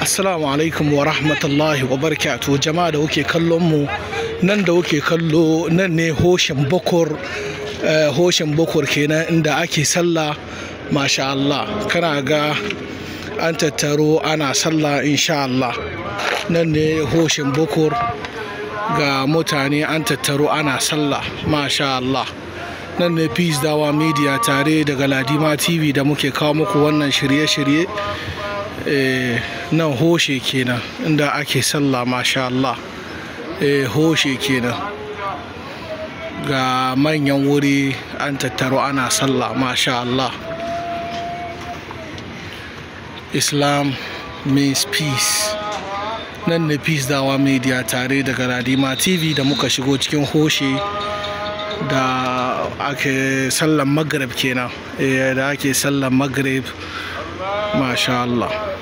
Assalamu alaikum wa rahmatullahi wa barakatuh jama'a da kuke kallon mu nan da kuke kallo nan ne hoshin bakur eh, hoshin bakur kenan inda ake sallah masha Allah kana ga an tattaro ana sallah insha Allah nan ne hoshin bakur ga mutane an tattaro ana sallah masha Allah nan ne peace dawa media tare da galadima tv da muke kawo muku wannan shirye-shirye Eh, nan hoshe kenan inda ake sallah masha Allah eh, hoshe kenan ga manyan wuri an tattaro ana sallah masha Allah islam means peace nan ne peace dawa media tare daga radima tv da muka shigo cikin hoshe da ake sallan maghrib kenan eh, da ake sallan maghrib ما شاء الله